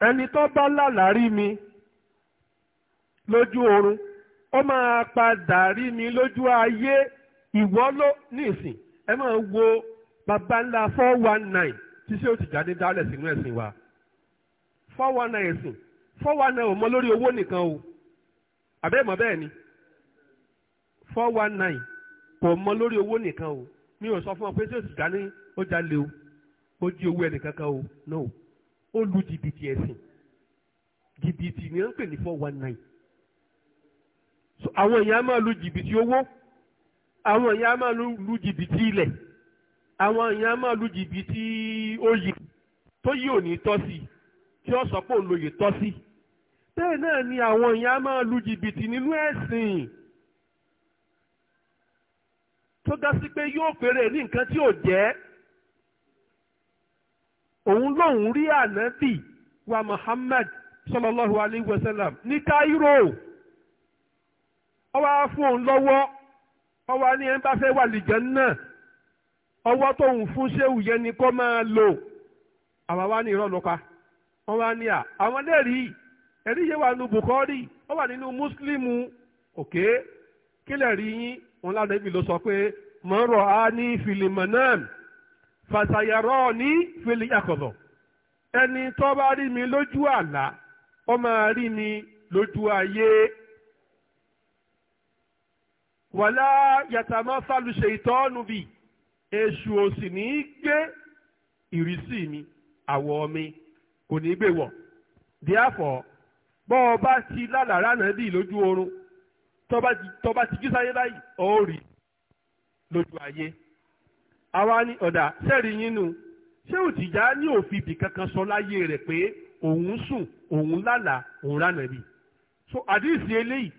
ẹni tó bá lálàárí mi lójú oorun ó máa padà rí mi lójú ayé ìwọ ló nísìn ẹ máa wo baba ńlá four one nine tí ṣé ó ti jáde dálẹ̀ sínú ẹ̀sìn wa four one nine ẹ̀sìn four one nine ò mọ lórí owó nìkan o àbẹ́ẹ̀ bẹ́ẹ̀ ni four one nine mọ lórí owó nìkan o mi ò sọ fún ọ pé ṣé ó ti jáde ó o. ó jí owó ẹnìkankan o no ó lu jìbìtì ẹ̀sìn jìbìtì ni wọ́n ń pè ní four one nine so àwọn èèyàn máa lu jìbìtì owó àwọn èèyàn máa lu jìbìtì ilẹ̀ àwọn èèyàn máa lu jìbìtì oyè tó yí òní tọ́ sí tí ó sọ pé òun tọ́ sí bẹ́ẹ̀ náà ni àwọn èèyàn máa lu jìbìtì nínú ẹ̀sìn tó ga sí pé yóò fèrè ní nǹkan tí ò jẹ́ òun lòun rí ànábì wa Muhammad sallallahu alayhi wa sallam ní Cairo ó wá fún òun lọ́wọ́ ní ẹni bá fẹ́ wà náà. ọwọ́ tóun fún ṣéwù yẹn ni kó máa lò àwa wá ní wọ́n wá ní à àwọn ẹlẹ́rìí ẹ̀rí yẹn wà nínú Bukhari ó wà nínú Muslim òkè kílẹ̀ rí yín wọn ibi ló sọ pé á fàṣàyàrọ́ ní fèlè àkọ́bọ̀ ẹni tó bá rí mi lójú àlá ó máa rí mi lójú ayé wàlá yàtàmọ́ fàlùṣe ìtọ́nù bì èṣù ò sì ní í gbé ìrísí mi àwọ̀ mi kò ní gbé wọ̀ díàfọ̀ bọ́ ọ bá ti lálàrá náà dì lójú oorun tọ́ba ti jí sáyé báyìí ó rí lójú ayé. àwa ni ọ̀dà sẹ́ẹ̀rì yín ṣé òtìjà ní òfin ibì kankan sọ láyé rẹ̀ pé òun sùn òun lálàá òun ránàbì so àdìsí eléyìí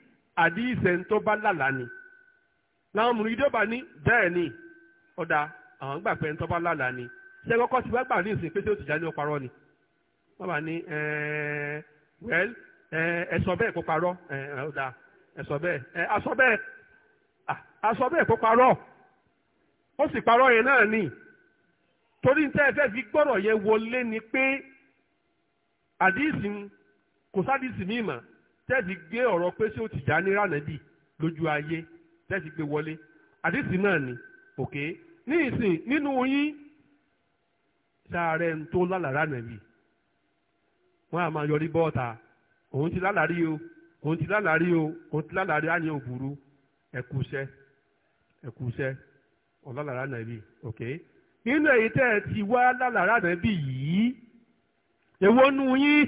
àdìsí ẹni tó bá lálàá ni làwọn mùrìdọ́bà ní bẹ́ẹ̀ ni ọ̀dà àwọn gbà pé ẹni tó bá lálàá ni ṣé kọ́kọ́ ti wá ní ìsìn pé òtìjà ni wọ́n bá ní well ẹ ẹ ó sì parọ́ yẹn náà nì torí tẹ́ ẹ fẹ́ fi yẹn wọlé ni pé àdìsí kò sádìsí mi mà tẹ́ ẹ fi gbé ọ̀rọ̀ pé ṣé ó ti já ní rànàbì lójú ayé tẹ́ ẹ fi gbé wọlé náà ni òkè ní ìsìn nínú yín sáré ń tó lálàrá nàbì wọn a máa yọrí bọ́ọ̀ta òun ti lálàrí o òun ti lálàrí o òun ti lálàrí á ní òbúrú ẹ̀kúṣẹ́ ẹ̀kúṣẹ́. ọlọ́lára nàbí ok nínú èyí tẹ́ ẹ ti wá lálára nàbí yìí èwo nu yín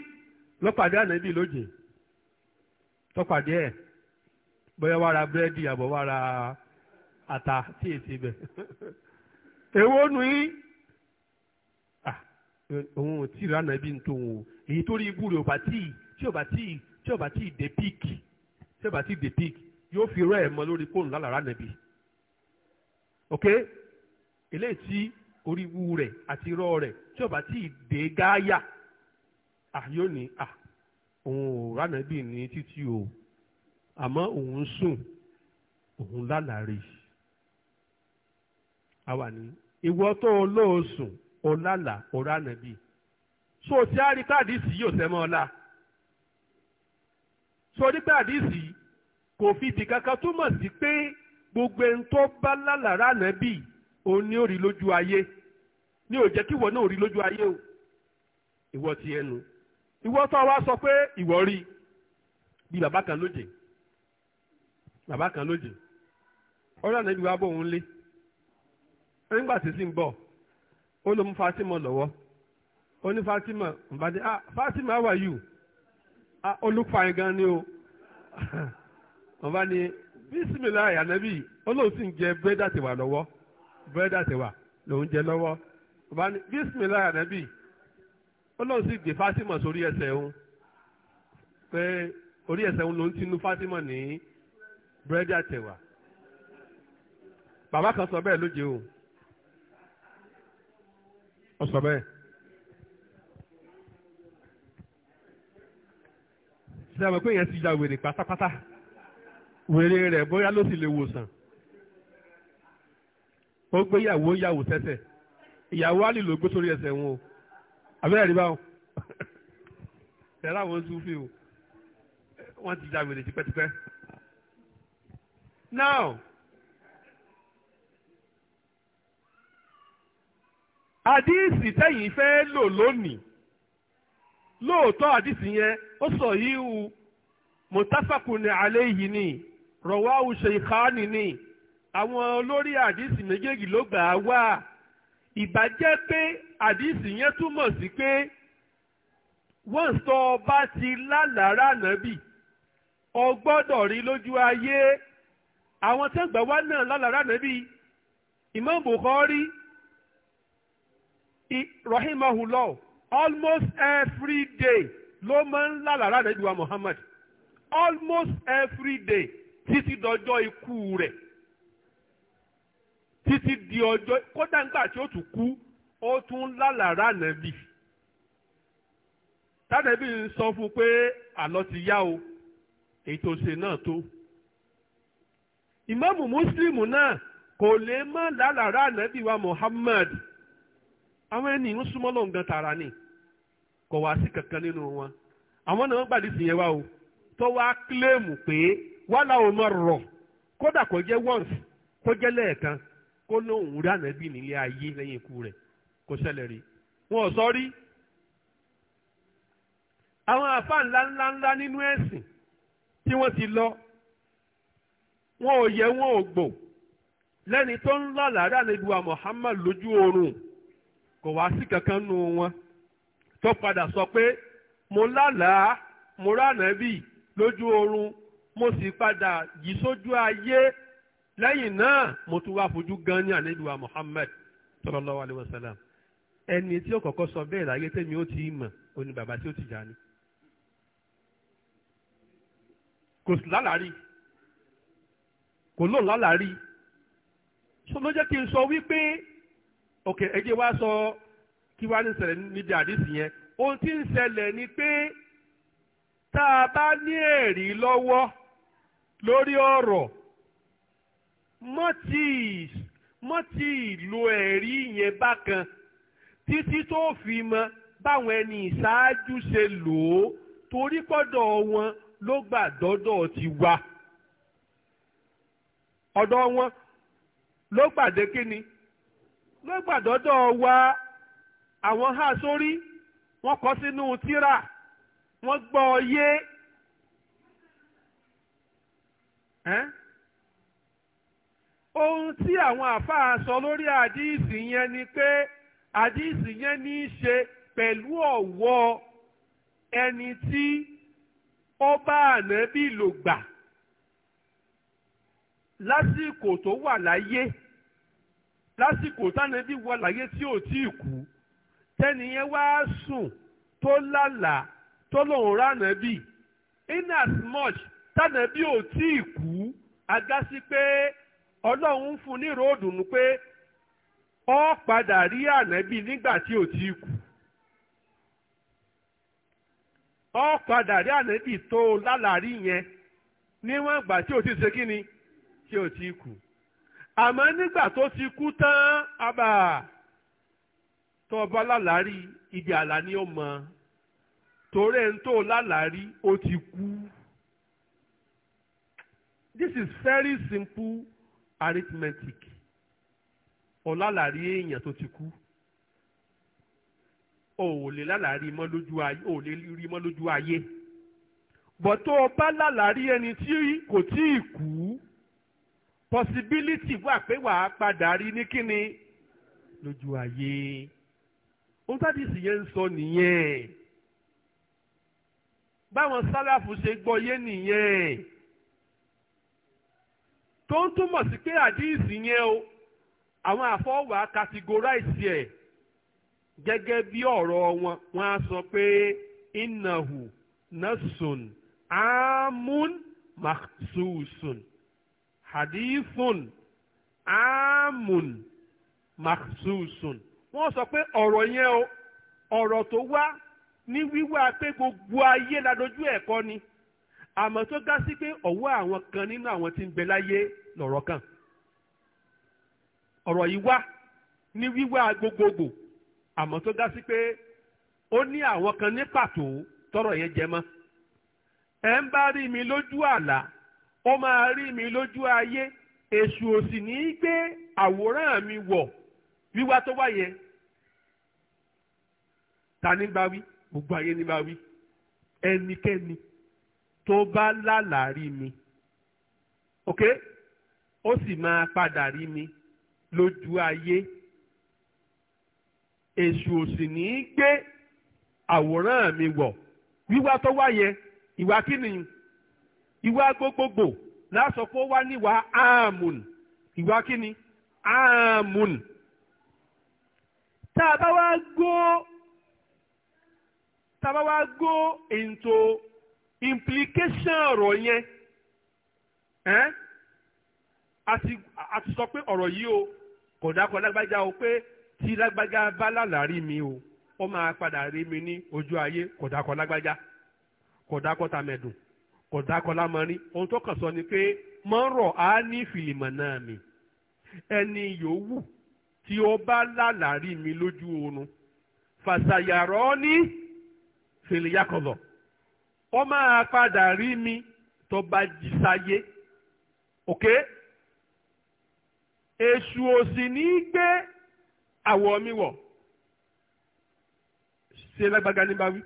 ló pàdé ànábì lóje tó pàdé ẹ̀ bóyá búrẹ́dì àbọ̀ wàá ata tí èsì bẹ̀ èwo nu yín òun ò tí ì ránà bí n tó o èyí tó rí ibú rẹ̀ ò bá tí ì tí ò bá tí ì tí ò bá tí ì dé píìkì tí ò bá dé píìkì yóò fi rẹ́ ẹ̀ mọ́ lórí fóònù lálára nàbí ok eléyìí tí oríwu rẹ̀ àti irọ́ rẹ̀ tí ó bá tí ì dé gáyà yóò ní à òun ò ránàbì ní títí o àmọ́ òun sùn òun lálàrí àwa ní ìwọ tó olóòsùn ọlálà ọ̀ránàbì so tí a rí káàdìsì yóò sẹ́mọ́ ọ̀la so rí káàdìsì kò fi ti kankan túmọ̀ sí pé gbogbo ẹni tó bá lálàrá ànábì òun ní òrí lójú ayé ní ò jẹ́ kí ìwọ náà rí lójú ayé o ìwọ ti ẹnu ìwọ tó wá sọ pé ìwọ rí bí bàbá kan lóje bàbá kan lóje ọ̀rọ̀ ànábì wa bọ̀ òun lé nígbà tí sì ń bọ̀ ó ló mú Fatima lọ́wọ́ ó ní Fatima mbàdí ah Fatima how are you ah ó look fine gan ni o wọ́n bá ní bisimilayi anabi olóhùn sì ń jẹ búrẹ́dì àtẹ̀wà lọ́wọ́ búrẹ́dì àtẹ̀wà lòún jẹ lọ́wọ́ ọba ní bisimilayi anabi olóhùn sì gbé Fátímà sórí ẹsẹ̀ òun pé orí ẹsẹ̀ òun lòún ti nu Fátímà ní búrẹ́dì àtẹ̀wà bàbá kan sọ bẹ́ẹ̀ lóje o ó sọ bẹ́ẹ̀. ṣé pé yẹn ti ya pátápátá wèrè rẹ̀ bóyá ló sì lè wòsàn ó gbé ìyàwó ìyàwó tẹ́sẹ̀ ìyàwó àlè ló gbé sórí ẹsẹ̀ wọn o àbẹ́rẹ́ rí báwọn tẹ̀lé àwọn sufi o wọ́n ti dàgbére tipẹ́tipẹ́. now àdìsí tẹ̀yìn fẹ́ lò lónìí lóòótọ́ àdìsí yẹn ó sọ yìí o mọ̀tàfàkùn ní alẹ́ yìí nìyí rọ̀wáwù ṣèkánì ni àwọn olórí àdìsí méjèèjì ló gbà á wá ìbàjẹ́ pé àdìsí yẹn túmọ̀ sí pé wọ́n sọ ọba ti lálàárà nàbì ọ rí lójú ayé àwọn tí wọ́n gbà wá náà lálàárà nàbì Imam Bukhari rahimahullah almost every day ló máa ń lálàárà nàbì wa Muhammad almost every day. títí dọjọ́ ikú rẹ̀ títí di ọjọ́ kódà ńgbà tí ó tún kú ó tún lálàrá nàbì tánàbì ń sọ fún pé àlọ́ ti yá o ètò ìṣe náà tó ìmáàmù mùsùlùmù náà kò lè mọ́ lálàrá nàbì wa Muhammad àwọn ẹni ń súnmọ́ gan tààrà ni kò wá sí kankan nínú wọn àwọn náà wọ́n gbàdí yẹn wá o tó wá kílèmù pé. wàhálà ò máa rọ̀ kódà kó jẹ́ once kó jẹ́ lẹ́ẹ̀kan kó lóun rí ànábì nílé ayé lẹ́yìn ikú rẹ̀ kó ṣẹlẹ̀ rí wọn ò sọ rí àwọn àfa ńlá ńlá ńlá nínú ẹ̀sìn tí wọn ti lọ wọn ò yẹ wọn ò gbò lẹ́ni tó ń lọ làárẹ̀ àlejò Muhammad lójú oorun kò wá sí kankan nù wọn tó padà sọ pé mo lálàá mo rà nàbì lójú oorun mo sì padà yí sójú ayé lẹ́yìn náà mo tún wá fojú gan ní àníbíwá Muhammad sallallahu alaihi wasallam ẹni tí ó kọ́kọ́ sọ bẹ́ẹ̀ láyé tẹ́mi ó ti mọ̀ ó ní bàbá tí ó ti jà ní. kò sí lálàárí kò lóun lálàárí sọ ló jẹ́ kí n sọ wípé òkè ẹjẹ́ wá sọ kí wá ní ṣẹlẹ̀ níbi àdìsí yẹn ohun tí ń ṣẹlẹ̀ ni pé tá a bá ní ẹ̀rí lọ́wọ́ lórí ọ̀rọ̀ mọ́ tí lo ẹ̀rí yẹn bákan títí tó fi mọ báwọn ẹni ìṣáájú ṣe lò ó torí pọ́dọ̀ wọn ló gbà dọ́dọ̀ ti wá ọ̀dọ̀ wọn ló gbàdé kíni ló gbàdọ́dọ̀ wá àwọn há sórí wọ́n kọ sínú tírà wọ́n gbọ́ ọ yé. ohun tí àwọn àfáà sọ lórí àdíìsì yẹn ni pé àdíìsì yẹn ní í ṣe pẹ̀lú ọ̀wọ́ ẹni tí ó bá ànábì lò gbà lásìkò tó wà láyé lásìkò tánàbí wà láyé tí ò tí ì kú tẹ́ni yẹn wá sùn tó lálàá tó lòun ránàbì in as much tànàbí ò tí ì kú agá sí pé ọlọ́run ń fún ní ròdùnú pé ó padà rí ànábì nígbà tí ò tí ì kú ó padà rí ànábì tó lálàrí yẹn níwọ̀n ìgbà tí ò tí ṣe tí ò kú àmọ́ nígbà tó ti kú tán abà tó ọba lálàrí ibi ni ó mọ torí ẹni tó lálàrí ó ti kú. this is very simple arithmetic ọ̀la làrí èèyàn tó ti kú o ò lè lálàárí mọ́ lójú ayé o ò lè rí mọ́ lójú ayé bọ̀ tó o bá lálàárí ẹni tí kò tí ì kú possibility wà pé wàá padà rí ní kíni lójú ayé ohun tá dìsí yẹn ń sọ nìyẹn báwọn sáláfù ṣe gbọ́ yé nìyẹn tó ń túmọ̀ sí pé àdíìsì yẹn o àwọn àfọwà categorize ẹ̀ gẹ́gẹ́ bí ọ̀rọ̀ wọn wọ́n á sọ pé innahu nasun amun maksusun hadithun amun maksusun wọ́n sọ pé ọ̀rọ̀ yẹn o ọ̀rọ̀ tó wá ní wíwá pé gbogbo ayé la ẹ̀kọ́ ni àmọ́ tó dá sí pé ọ̀wọ́ àwọn kan nínú àwọn tí ń bẹ láyé lọ̀rọ̀ kan ọ̀rọ̀ yìí wá ní wíwá gbogbogbò àmọ́ tó dá sí pé ó ní àwọn kan ní pàtó tọ́rọ̀ yẹn jẹ mọ́ ẹ ń bá rí mi lójú àlá ó máa rí mi lójú ayé èṣù ò sì ní í gbé àwòrán mi wọ̀ wíwá tó wá yẹn ta ní bá wí gbogbo ayé ní bá wí ẹnikẹ́ni. E tó bá lálàá rí mi ok ó sì máa padà rí mi lójú ayé èṣù ò sì ní í gbé àwòrán mi wọ̀ wíwá tó wá yẹ ìwà kí ni ìwà gbogbogbò lásọ pé ó wá níwà áàmùn ìwà kí ni tá a bá wá gó tá a bá wá gó into implication ọ̀rọ̀ yẹn ẹ́n a ti sọ pé ọ̀rọ̀ yìí o kò dákọ̀ lágbájá o pé tí lágbájá bá lálàrí mi o ó máa padà rí mi ní ojú ayé kò dákọ̀ lágbájá kò dákọ̀ tàmẹ̀dùn kò dákọ̀ lámọ́rí ohun tó kàn sọ ni pé mọ́rọ̀ á ní fìlìmọ̀ náà mi ẹni yòówù tí ó bá lálàrí mi lójú oorun fàṣàyàrọ́ ní fìlìyàkọ̀lọ̀ ó máa padà rí mi tó bá jí sáyé ok èṣù òsì ní gbé àwọ̀ mi wọ̀ ṣe lágbága ní bá wí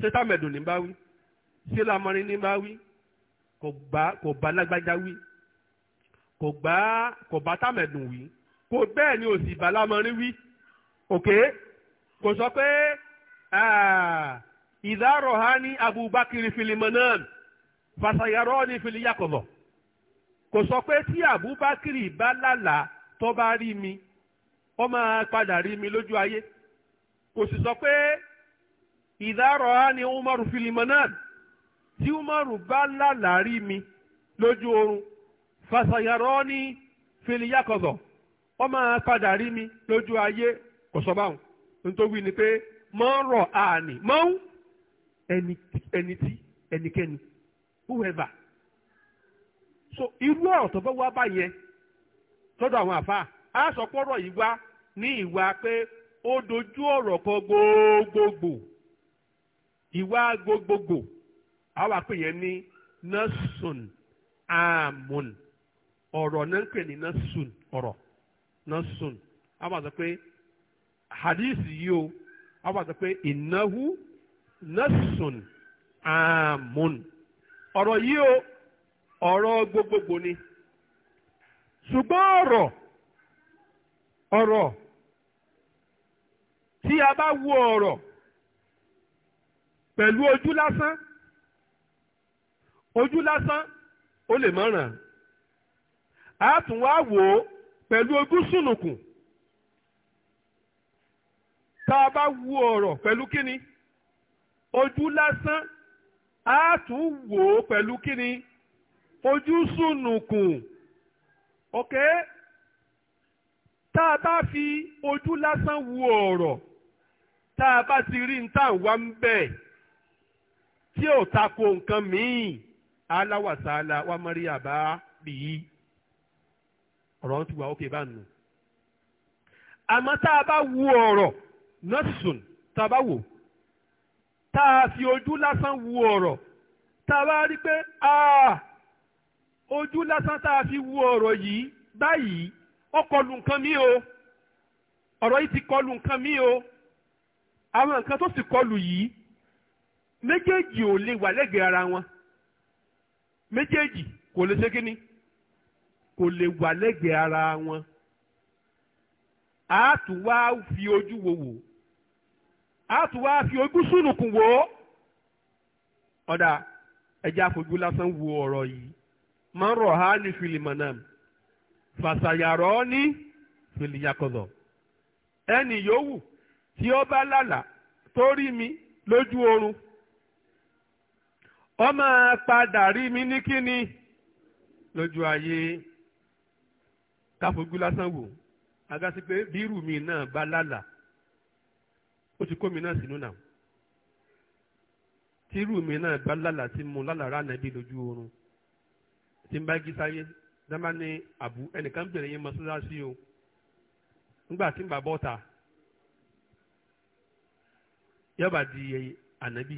ṣe támẹ̀dù ní bá wí ṣe lámọrin ní bá wí kò bá kò wí kò bá kò wí kò bẹ́ẹ̀ ni òsì bá lámọrin wí ok kò sọ pé. Ah, إذا رهاني abubakar بكر في ni فسيراني في اليقظة kò sọ pé tí Abubakar bá lálàá tó bá rí mi ó máa padà rí mi lójú ayé kò sì sọ pé Umaru fil tí Umaru bá lálàá rí mi lójú oorun ó máa ayé kò sọ báwọn ẹni ẹni tí ẹnikẹ́ni whoever so irú wá báyẹn lọ́dọ̀ àwọn sọ pọ́rọ̀ yìí kọ gbogbogbò ìwà gbogbogbò yẹn ní amun ọ̀rọ̀ náà ń pè ní ọ̀rọ̀ pé hadith yìí o nọ́sùn àmùn ọ̀rọ̀ yìí o ọ̀rọ̀ gbogbogbò ni ṣùgbọ́n ọ̀rọ̀ ọ̀rọ̀ tí a bá wo ọ̀rọ̀ pẹ̀lú ojú lásán ojú lásán ó lè mọ̀ràn a tún wá wò ó pẹ̀lú ojú sùnùkùn tá a bá wo ọ̀rọ̀ pẹ̀lú kíni ojú lásán á tún wò ó pẹ̀lú kíni ojú sùnùkùn ok tá a bá fi ojú lásán wo ọ̀rọ̀ tá a bá ti rí níta wá ń bẹ̀ tí ò tako nǹkan míì aláwàsálà wa mọ́rí àbá bìí ọ̀rọ̀ ti wà ókè bá nù. àmọ́ tá a bá wo ọ̀rọ̀ nọ́ọ̀sùn tá a bá wò tá a fi ojú lásán wu ọ̀rọ̀ tá a bá rí pé ojú lásán tá a fi wu ọ̀rọ̀ yìí báyìí ó kọlu nǹkan mi o ọ̀rọ̀ yìí ti kọlu nǹkan mi o àwọn nǹkan tó sì kọlu yìí méjèèjì ò lè wà ara wọn méjèèjì kò lè ṣe wà lẹ́gbẹ̀ẹ́ ara wọn a fi ojú wo a tún wá fi ojú sùnùkùn wò ó ọ̀dà ẹja àfojú lásán wo ọ̀rọ̀ yìí máa ń rọ̀ ha ní filimanam fàṣàyàrọ̀ ní filiyakọ̀dọ̀ ẹnì yòówù tí ó bá lálàá tó rí mi lójú oorun ó máa padà rí mi ní kíni lójú ayé káfojú lásán wò agasi pé bírù mi náà bá lálàá ó ti kó mi náà sínú náà tírú mi náà bá lálàá tí mo lálàá rà nàbí lójú oorun tí n bá jí sáyé dábàá ní àbú ẹnìkan bẹ̀rẹ̀ yín mọ́ṣáláṣí o nígbà tí n bá bọ́ ta yọba di ànábì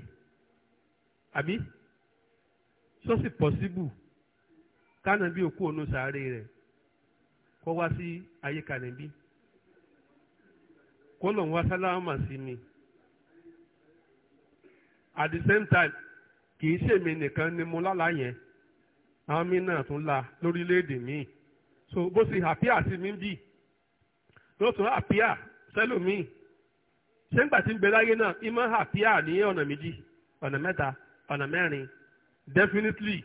àbí sọ́sì pọ̀síbù kánàbí òkú ònú sàárè rẹ̀ kọ́ wá sí ayé kànàbí kó lòun wá sálámà sí at the same time kì í ṣèmi nìkan ni mo lálàá yẹn àwọn mi náà tún la lórílẹ̀‐èdè míì so bó ṣe àpíà sí mi bì ló tún àpíà sẹ́lòmíì ṣé ń gbà tí ń bẹ láyé náà ìmọ̀ àpíà ní ọ̀nà méjì ọ̀nà mẹ́ta ọ̀nà mẹ́rin definitely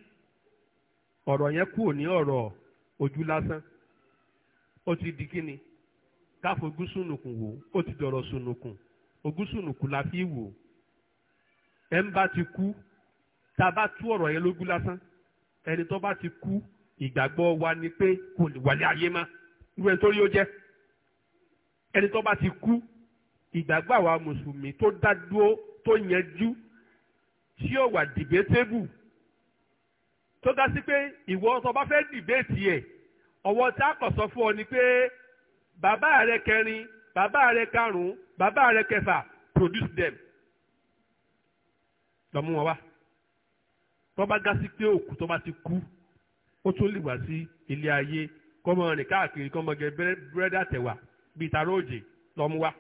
ọ̀rọ̀ yẹn kúrò ní ọ̀rọ̀ ojú lásán ó ti di kíni káfojú sunukun wò ó ti dọ̀rọ̀ sunukun ogún sunukun la fi wò ẹ̀ ń bá ti kú tá a bá tú ọ̀rọ̀ yẹn lógún lásán ẹni tó bá ti kú ìgbàgbọ́ wa ni pé kò lè wálé ayé má irú ẹni tó rí ó jẹ́ ẹni tó bá ti kú ìgbàgbọ́ àwa mùsùlùmí tó dádúró tó yanjú tí ó wà dìbétébù tó dá sí pé ìwọ tó bá fẹ́ dìbétì ẹ̀ ọ̀wọ́ tá a kọ̀ sọ fún ọ ni pé bàbá rẹ kẹrin bàbá rẹ karùn bàbá rẹ kẹfà produce them lọ́mú wọn wá tó bá dá sí pé òkú tó bá ti kú ó tún lè wá sí ilé ayé kọ́mọ rìn káàkiri kọ́mọ gẹ búrẹ́dà tẹ̀wà bíi tààrà òjè lọ́mú wá.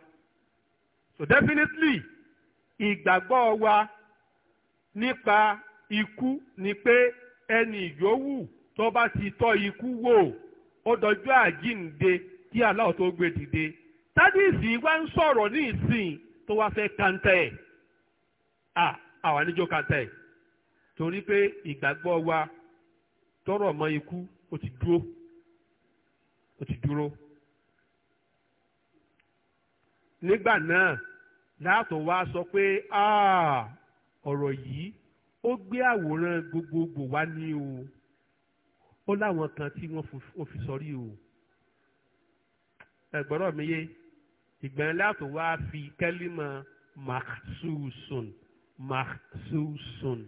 so definitely ìgbàgbọ́ wa nípa ikú ni pé ẹni yòówù tó bá ti tọ́ ikú wò ó dọjọ́ àjíǹde kí aláwọ̀ tó gbé dìde tádìsì wá ń sọ̀rọ̀ ní ìsìn tó wá fẹ́ kàńtẹ́ ẹ̀ à àwọn àníjó kàńtẹ́ ẹ̀ torí pé ìgbàgbọ́ wa tọrọ mọ ikú ó ti dúró ó ti dúró nígbà náà láàtọ̀ wá sọ pé ọ̀rọ̀ yìí ó gbé àwòrán gbogbogbò wá ní o ó láwọn kan tí wọ́n fi sọrí o. ẹ̀gbọ́rọ̀ mi yé ìgbẹ́ni láti wá fi kẹ́límọ̀ maksusun maksusun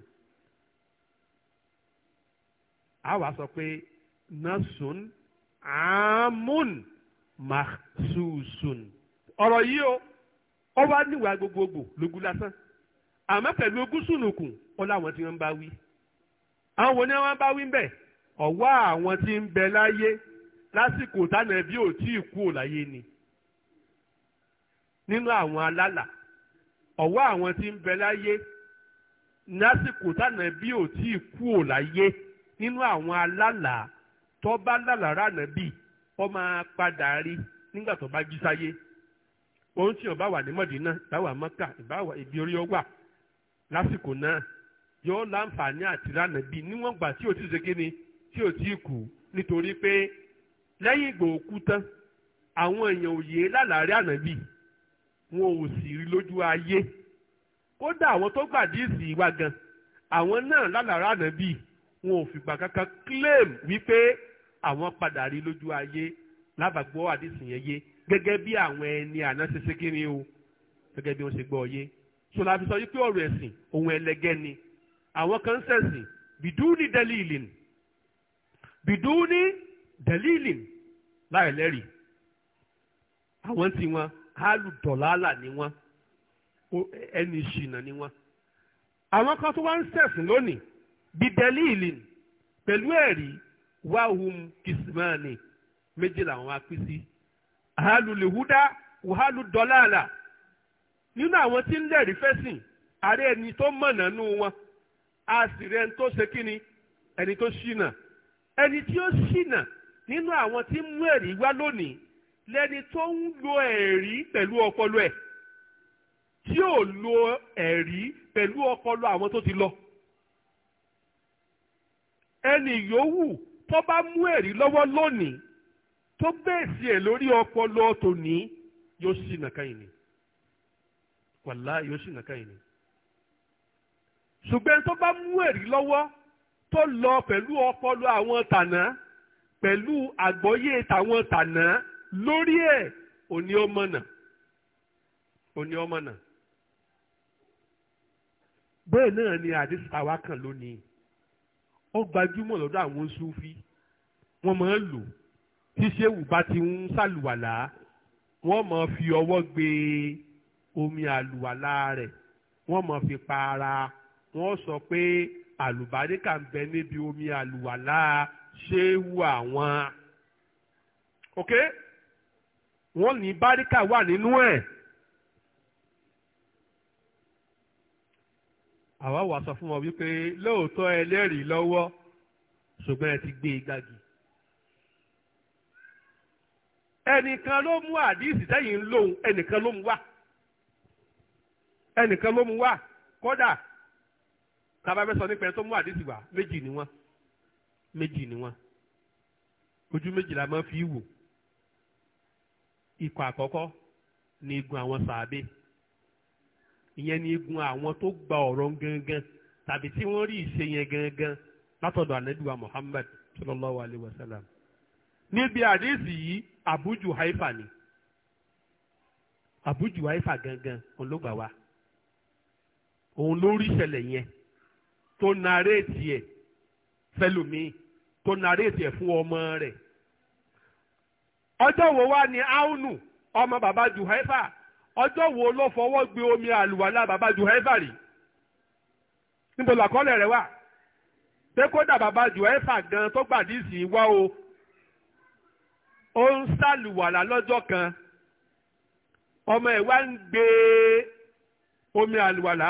a wá sọ pé nasun amun maksusun ọ̀rọ̀ yìí o ó wá níwàá gbogbogbò lógún lásán àmọ́ pẹ̀lú ogún sùnùkùn ó láwọn tí wọ́n ń bá wí àwọn wo ni wọ́n bá wí ń bẹ̀ ọ̀wọ́ àwọn tí ń bẹ láyé lásìkò tánàbí ò tí ì kú òláyé ni nínú àwọn alálà ọ̀wọ́ àwọn tí ń bẹ láyé lásìkò tánàbí ò tí ì kú òláyé nínú àwọn alálà tó bá lálà ránàbí ó máa padà rí nígbà tó bá jí sáyé ohun tí ó bá wà ní Mọ̀dínà bá Mọ́kà bá ibi orí ọgbà lásìkò náà yóò láǹfààní àti ránàbí níwọ̀n gbà tí ò ti ṣe kíni tí ò ti kú nítorí pé lẹ́yìn ìgbà òkú tán àwọn èèyàn ò yéé lálàárí ànábì wọn ò sì rí lójú ayé kódà àwọn tó gbàdíìsì wa gan àwọn náà lálàárí ànábì wọn ò fìgbà kankan claim wípé àwọn padà rí lójú ayé lábàgbọ́ àdíìsì yẹn yé gẹ́gẹ́ bí àwọn ẹni àná ṣe ṣe kiri o gẹ́gẹ́ bí wọ́n ṣe gbọ́ yé sọlá fi sọ yí pé ọ̀rọ̀ ẹ̀sìn ohun ẹlẹgẹ́ ni àwọn kan ń ṣẹ̀sìn bìdúù ní dẹ́líìlì bìdúù ní dẹ̀líìlì láì lẹ́rìí àwọn tí wọn alùdọ̀lálà ni wọn ẹni ìṣìnà ni wọn àwọn kan tó wá ń ṣẹ̀sìn lónìí bíi dẹ̀líìlì pẹ̀lú ẹ̀rí wáhùn kìsìmánì méjì làwọn apísí àhálùlẹ̀húdá wàhálùdọ̀lálà nínú àwọn tí ń lẹ́rìí fẹ́sìn ààrẹ ẹni tó mọ̀nà nù wọn a sì rẹ ẹni tó ṣe kíni ẹni tó ṣìnà ẹni tí ó ṣìnà nínú àwọn tí mú ẹ̀rí wá lónìí lẹ́ni tó ń lo ẹ̀rí pẹ̀lú ọpọlọ ẹ̀ tí ò lo ẹ̀rí pẹ̀lú ọpọlọ àwọn tó ti lọ. ẹnì yòówù tó bá mú ẹ̀rí lọ́wọ́ lónìí tó bẹ́ẹ̀sì ẹ̀ lórí ọpọlọ tòní yóò sì nàka yìí ni wàlá yóò sì nàka yìí ni. ṣùgbọ́n tó bá mú ẹ̀rí lọ́wọ́ tó lọ pẹ̀lú ọpọlọ àwọn tànà pẹ̀lú àgbọ́yé tàwọn tànà lórí ẹ̀ òní ọmọnà òní ọmọnà bẹ́ẹ̀ náà ni àdìsá wa kàn lónìí ó gbajúmọ̀ lọ́dọ̀ àwọn sufi wọ́n máa ń lò tí sẹ́wù bá ti ń ṣàlùwàlá wọ́n máa fi ọwọ́ gbé omi àlùwàlá rẹ̀ wọ́n máa fi pa ara wọ́n sọ pé àlùbáríkà ń bẹ níbi omi àlùwàlá ṣéwù àwọn ok wọ́n ní báríkà wà nínú ẹ̀. àwa wà sọ fún wọn wípé lóòótọ́ ẹlẹ́rìí lọ́wọ́ ṣùgbọ́n ẹ ti gbé e gàgì. ẹnìkan ló mú àdíìsì tẹ́yìn ń lòun ẹnìkan ló mú wá ẹnìkan ló mú wá kódà tá a bá fẹ́ sọ nípa ẹ tó mú àdíìsì wá méjì ni wọ́n. méjì ni wọn ojú méjì la máa fi wò ikọ̀ àkọ́kọ́ ni igun àwọn sàábé ìyẹn ni igun àwọn tó gba ọ̀rọ̀ gangan tàbí tí wọ́n rí ìṣe yẹn gangan látọ̀dọ̀ ànábìwá Muhammad sallallahu alayhi wa sallam níbi àdéhìsì yìí Abu haifa ni Abu Juhaifa gangan òun ló gbà wá òun ló rí ìṣẹ̀lẹ̀ yẹn tó fẹlòmíì tó nàrètì ẹ̀ fún ọmọ rẹ̀ ọjọ́ wo wá ni áùnù ọmọ bàbá juhaifa ọjọ́ wo ló fọwọ́ gbé omi àlùwàlá bàbá juhaifa rí níbo làkọ́lẹ̀ rẹ̀ wà pé kódà bàbá juhaifa gan tó gbàdísì wá o ó ń sàlùwàlá lọ́jọ́ kan ọmọ ẹ̀ wá ń gbé omi àlùwàlá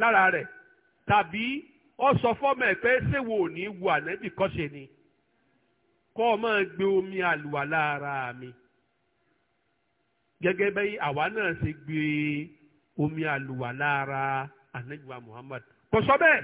lára rẹ̀ tàbí ó sọ fọ́mọ ẹ̀ pé ṣéwò ò ní wo ànábì kọ́ṣe ni kọ́ ọ máa gbé omi àlùwà lára mi gẹ́gẹ́ bẹ́ẹ̀ àwa náà ṣe gbé omi àlùwà lára ànábì wa Muhammad kò sọ bẹ́ẹ̀.